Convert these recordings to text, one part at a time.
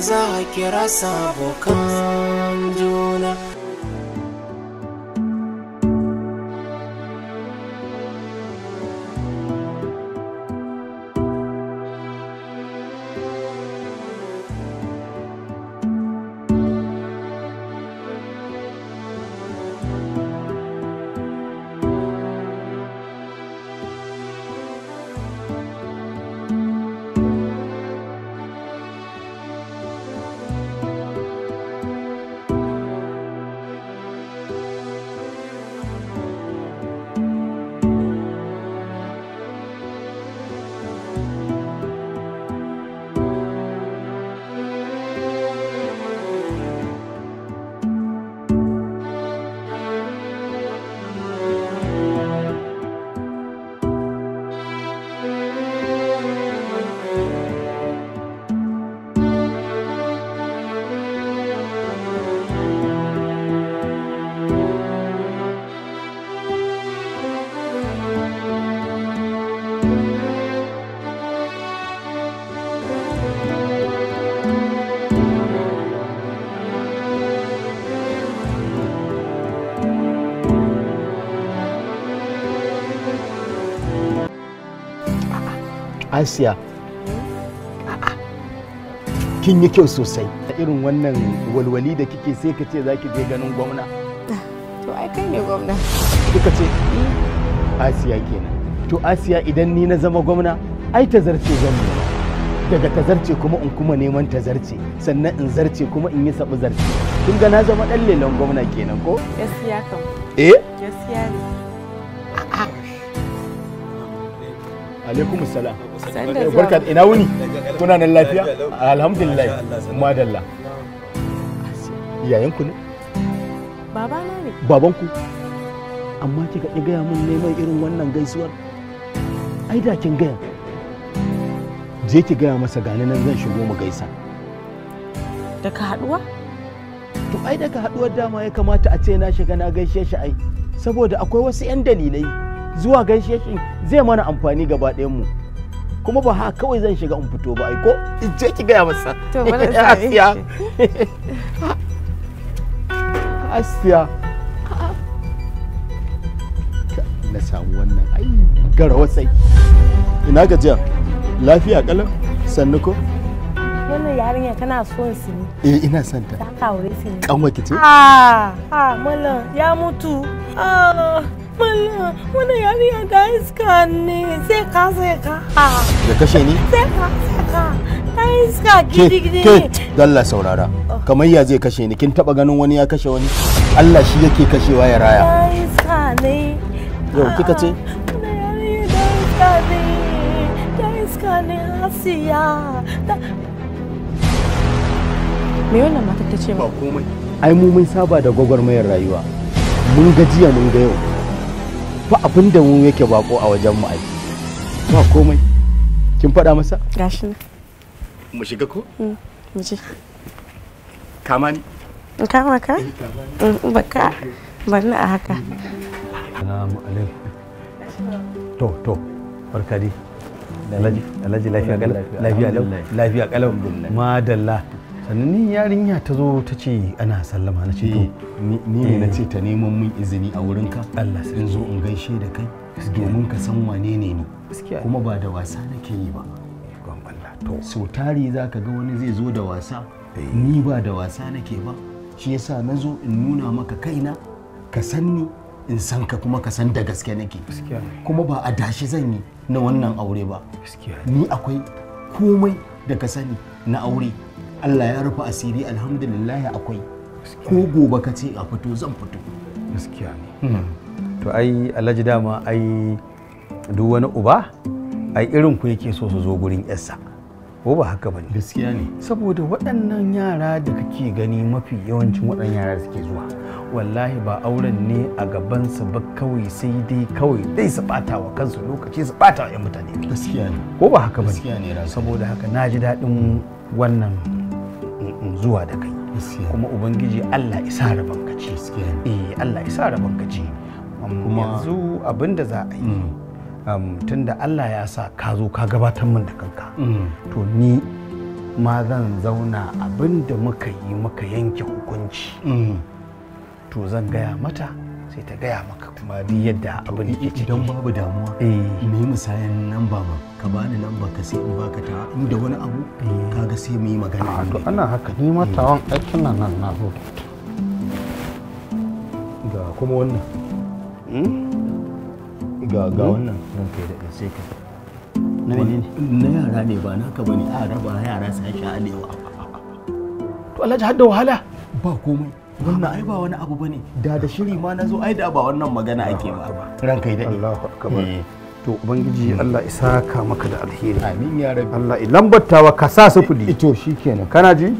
za a kira sabokan juna asiya kin yi kyau sosai a irin wannan walwali da kike sai ka ce za ki je ganin gwamna to ai kai ne gwamna kika ce asiya kenan to asiya idan ni na zama gwamna ai ta zarce zan nuna daga ta zarce kuma in kuma neman ta zarce sannan in zarce kuma in yi sabu zarce kin ga na zama dan lelon gwamna kenan ko gaskiya kam eh gaskiya ne alaikum salam eh, barka ina wuni kuna nan lafiya alhamdulillah madalla yayan ku ne na ne baban ku amma kika ga gaya mun neman irin wannan gaisuwar ai da kin gaya je ki gaya masa gani nan zan shigo mu gaisa daga haduwa to ai daga haduwar dama ya kamata a ce na shiga na gaishe shi ai saboda akwai wasu 'yan dalilai zuwa gan shi zai mana amfani gaba ɗayan mu kuma ba ha kawai zan shiga in fito ba ai ko je ki gaya masa to asiya asiya na samu wannan ai garawa sai ina gajiya lafiya kalan sannu ko wannan yarinya kana son su ne eh ina son ta ka kaure su ne kanwa kice ah ah mallam ya mutu ah Mallam, wannan yarinya ta iska ne sai ka sai ka. Ya kashe ni? Sai ka sai ka. Ta iska gidigidi. Ke, ke dalla saurara. Oh. Kamar ya zai kashe ni, kin taɓa ganin wani ya kashe wani? Allah shi yake kashewa ya raya. Ta iska ne. Yau kika ce? Ah, wannan yarinya ta iska ne. Ta iska ne Asiya. Me wannan matar ta ce ba komai. Ai mu mun saba da gwagwarmayar rayuwa. Mun gajiya mun ga yau. fa abin da mu yake bako a wajen mu ai ba komai kin faɗa masa gashi mu shiga ko mm, mu je kama ni kama ka eh, mm, baka bari a haka assalamu alaikum to to barka dai alhaji lafiya kalau lafiya kalau madalla sannan yarinya ta zo ta ce ana sallama na ce ni ne na ce ta neman mun izini a wurinka Allah sai zo in gaishe da kai domin ka san wane ne ni kuma ba da wasa nake yi ba to so tari zaka ga wani zai zo da wasa eh. ni ba da wasa nake ba shi yasa na zo in nuna maka kaina ka san ni in san ka kuma ka san da gaske nake kuma ba a dashi zan yi na wannan aure ba ni akwai komai da ka sani na aure Allah ya rufe asiri alhamdulillah akwai ko gobe ka ce a fito zan fito gaskiya ne to ai alhaji dama ai duk wani uba ai irin ku yake so su zo gurin yarsa ko ba haka bane gaskiya ne saboda waɗannan yara da kake gani mafi yawancin waɗannan yara suke zuwa wallahi ba auren ne a gaban su ba kawai sai dai kawai dai su bata wa kansu lokaci su bata wa 'yan mutane gaskiya ne ko ba haka bane gaskiya ne saboda haka na ji daɗin wannan zuwa da kai kuma ubangiji Allah isa rabon ka eh Allah isa rabon ka yanzu abin da za a yi mm. tun da Allah ya sa ka zo ka gabatar min da kanka mm. to ni ma zan zauna abin da muka yi muka yanke hukunci mm. to zan gaya mata sai ta gaya maka kuma duk yadda abin da ke ciki idan babu damuwa eh. me misayan namba ma ka bani namba ka sai in baka ta inda wani abu eh. kaga sai mu yi magana a ah, to ana haka ni ma eh. tawan aikin nan nan na zo ga kuma wannan hmm? ga ga hmm? wannan nan kai da sai ka na menene na yara ne ba naka bane a raba yara sai alewa to Allah ji hadda wahala ba komai wannan ai ba wani abu bane da da shiri ma na zo ai da ba wannan magana ake ba ranka yi Allahu akbar eh. to ubangiji Allah ya saka maka da alheri amin ya rabbi Allah ya wa ka sa sufuri ito eh, shikenan kana ji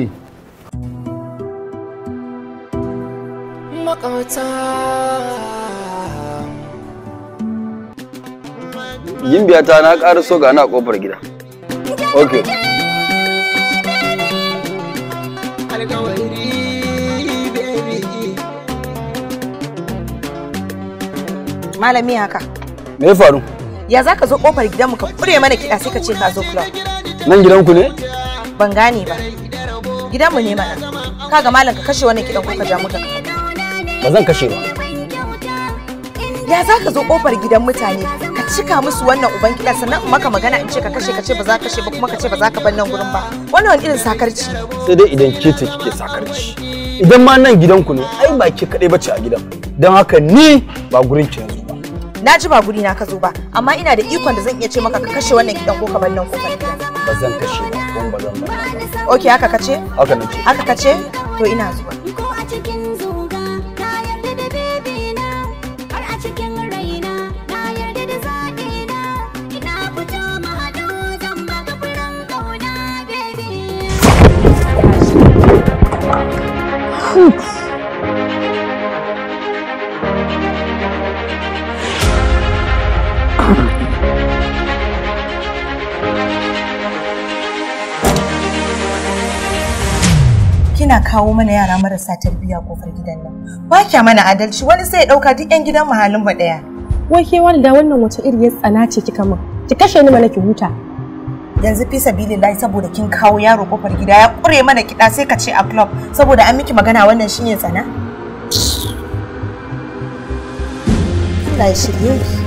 eh makata yin ta na ƙara so ga ana kofar gida okay malami haka me ya faru ya zaka zo kofar gidanmu ka kure mana kiɗa sai ka ce ka zo club nan gidanku ne ban gane ba gidanmu ne mana kaga malam ka kashe wannan kiɗan ko ka ja mota ba zan kashe ba ya zaka zo kofar gidan mutane ka cika musu wannan uban kiɗa sannan in maka magana in ce ka kashe ka ce ba za ka kashe ba kuma ka ce ba za ka bar nan gurin ba wannan wani irin sakarci sai dai idan ke ce kike sakarci idan ma nan gidanku ne ai ba ke kaɗai bace a gidan don haka ni ba gurin ki na ji ba guri na ka zo ba amma ina da ikon da zan iya ce maka ka kashe wannan gidan ko ka bar nan ba zan kashe ba kuma ba zan ba okay haka kace haka nace haka kace to ina zuwa kina kawo mana yara marasa tarbiyya kofar gidan nan ba kya mana adalci wani sai ya dauka duk yan gidan muhallin ba daya wai ke wani da wannan wace iriyar tsana ce kika min ki kashe ni mana ki huta yanzu fi lai saboda kin kawo yaro kofar gida ya ƙure mana kiɗa sai ka ce a club saboda an miki magana wannan shine tsana Lai ya shirye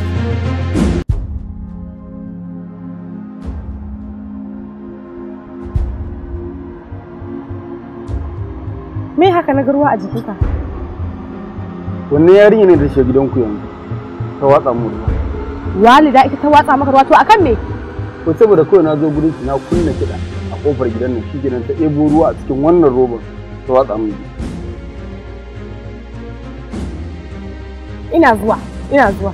me haka na garwa a jikinka wanne yarinya ne da shi gidanku yanzu ta watsa mu ruwa walida ita ta watsa maka ruwa to akan me ko saboda kawai na zo gurin na kunna kiɗa a kofar gidan nan shi gidan ta ɗebo ruwa a cikin wannan robar. ta watsa mu ina zuwa ina zuwa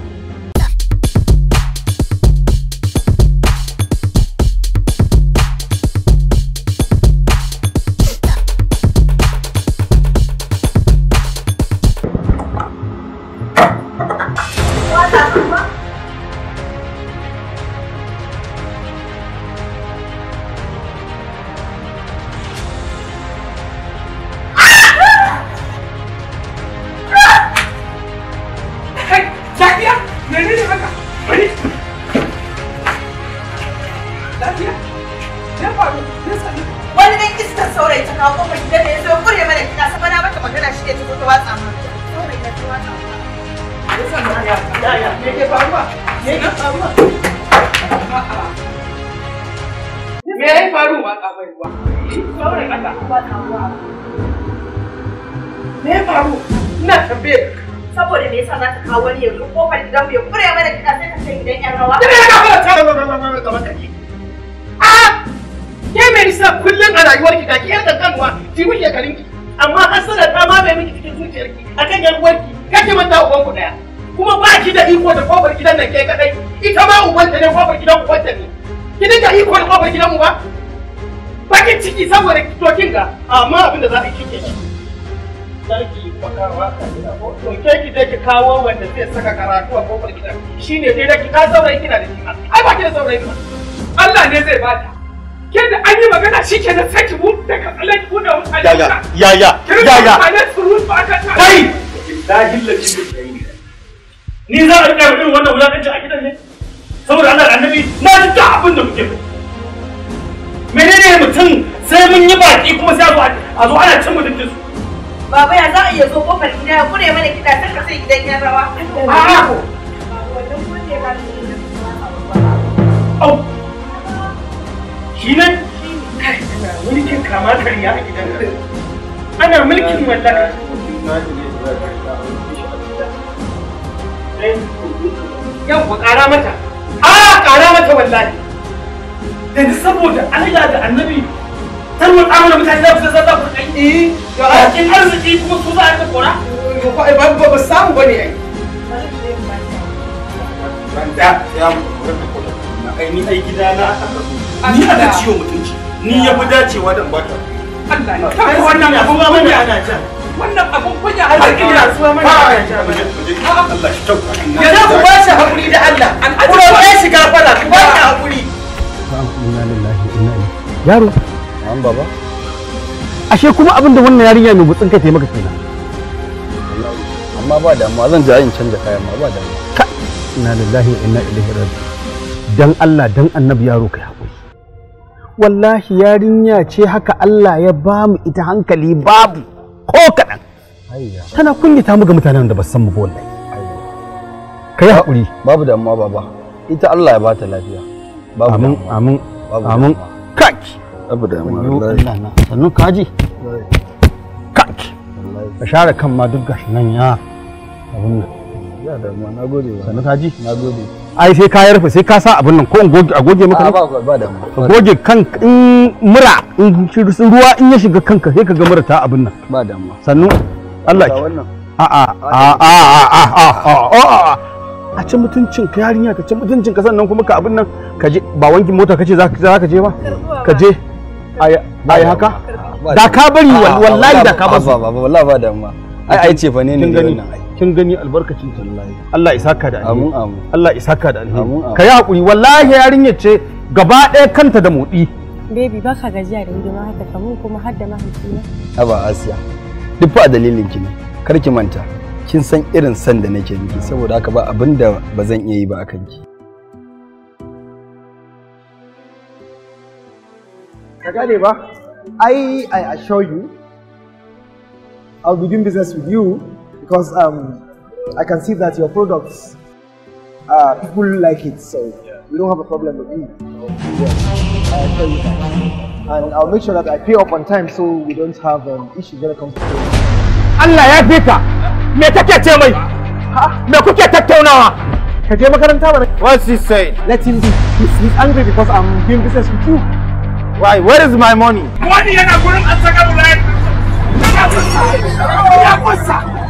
yaya me ya yi me ya faru ina tambaye saboda me yasa za ta kawo wani yanzu ko gidan ya kure mana gida sai ka ce gidan yan rawa da ka fara ta kamar ka ne ke mai nisa kullum a rayuwar ki kaki yar kankanuwa ki muke ka ki amma hasada ta bai miki cikin zuciyarki akan yan uwarki kake manta uban ku daya kuma ba ki da iko da kofar gidan nan ke kadai ita ma ubanta ne kofar gidan ubanta ne ki dinga iko da kofar gidan mu ba bakin ciki saboda tokin ga amma abin da za a yi kike ciki sarki ka ko ke ki da ki kawo wanda zai saka karatu a kofar gidan shine dai da ki ka saurayi kina da kima ai ba ki da saurayi ba Allah ne zai bata ke da an magana shi ke da saki mu daga ka mu da mu a ya ya ya ya ya kai ya ya ni za a riƙa irin wannan wulaƙanci a gidan ne saboda Allah da annabi na ji duk abin da kuke menene mutum sai mun yi baki kuma sai a zo ana cin mutuncin su Baba ya za a iya zo kofar gida ya kure mana gida sai ka sai gidan yan rawa. A'a. Au. Shi ne? Mulkin kama karya a gidan Ana mulkin mallaka. Yau ku ƙara mata. A ƙara mata wallahi. Yanzu saboda Allah da annabi tarwar amana mutane za su ku ɗan yi. Ga eh, aikin arziki kuma su za a yi kora. babu ba samu ba ai. Banda ya mu kura da kula. Ai ni ai gida na aka Ni aka ciwo mutunci. Ni dacewa da bata. Allah wannan ba mun ana wannan abun kunya har kin ya suwa mana Allah shi tauka ku ba shi hakuri da Allah an kuma ba shi gafara ku ba shi hakuri Ba mu inna lillahi inna ilaihi yaro an baba ashe kuma abin da wannan yarinya mai butsin kai taimaka kenan amma ba damuwa zan ji ayin canza kayan ma ba damuwa ka inna lillahi wa inna ilaihi raji'un dan Allah dan annabi yaro kai hakuri wallahi yarinya ce haka Allah ya ba mu ita hankali babu ko kaɗan tana kunyata mu ga mutanen da ba san mu ba wallahi ka yi haƙuri babu damuwa baba ita Allah ya ba ta lafiya babu damuwa amin amin amin kaki babu damuwa sannu kaji kaki ka share kan ma duk gashi nan ya abun nan ya damuwa na gode sannu kaji na gode ai sai ka rufe sai ka sa abin nan ko in goge a goge maka A goge kan in mura in ruwa in ya shiga kanka sai ka ga ta abin nan ba damuwa sannu Allah ki a a a a a a a a a ci mutuncin ka yarinya ka ci mutuncin ka sannan kuma ka abin nan ka je ba wankin mota kace za ka je ba ka je ai haka da ka bari wallahi da ka ba ba ba wallahi ba damuwa ai ai ce fa ne ne wannan kin gani albarkacin tallahi Allah isa ka da alheri Allah isa ka da alheri ka yi hakuri wallahi yarinyar ce gaba ɗaya kanta da motsi baby ba ka gajiya da hidima haka kamun kuma har da mahaifina aba asiya duk fa dalilin ki ne kar ki manta kin san irin san da nake miki saboda haka ba abin da ba zan iya yi ba akan ki ka gane ba i i assure you i'll be doing business with you because um, I can see that your products, uh, people like it, so yeah. we don't have a problem with you. Yeah, I'll tell you that. And I'll make sure that I pay up on time so we don't have um, issues when it comes to pay. Allah ya fi ka! Me take ce mai? Me kuke tattaunawa? Ka je makaranta ba What's he saying? Let him be. He's, he's angry because I'm doing business with you. Why? Where is my money? Money yana gurin an saka mu Ya kusa!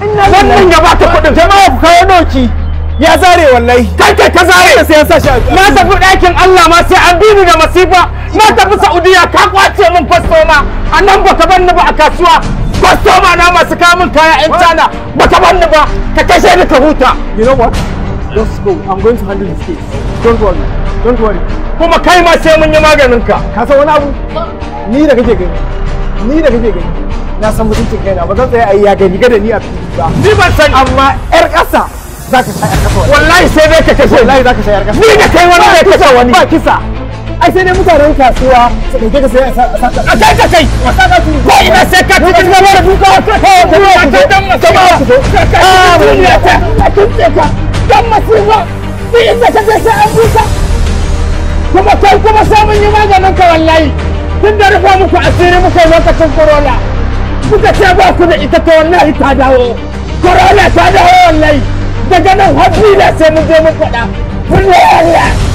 wannan ya bata kuɗin jama'a ku kawo doki ya zare wallahi kai ka zare sai ya sa na tafi ɗakin Allah ma sai an bini da masifa na tafi Saudiya ka kwace min kwastoma a nan baka banni ba a kasuwa kwastoma na masu kamun kaya yan cana baka banni ba ka kashe ni ka huta you know what just go i'm going to handle this case don't worry don't worry kuma kai ma sai mun yi maganin ka ka san wani abu ni da kake gani ni da kake gani na san mutuncin kaina ba zan a yi ya gani gada ni a fili ba ni ban san amma yar ƙasa za ka sa yar ƙasa wallahi sai dai ka kashe wallahi za ka sa yar ƙasa ni da kai wani ne kashe wani ba kisa ai sai dai mutanen kasuwa su ɗauke ka sai a kai ka kai ka saka ko ina sai ka ci cikin gaba da duka ko kuma a kan dan masama ka kai ah, duniya ta ina tunce ka dan masima sai inda ka sai an duka kuma kai kuma samun yi maganin ka wallahi tun da rufa muku asiri muka lokacin corona kuka ce ba ku da ita ta wallahi ta dawo corona ta dawo wallahi daga nan har da sai mun je mun faɗa kullum Allah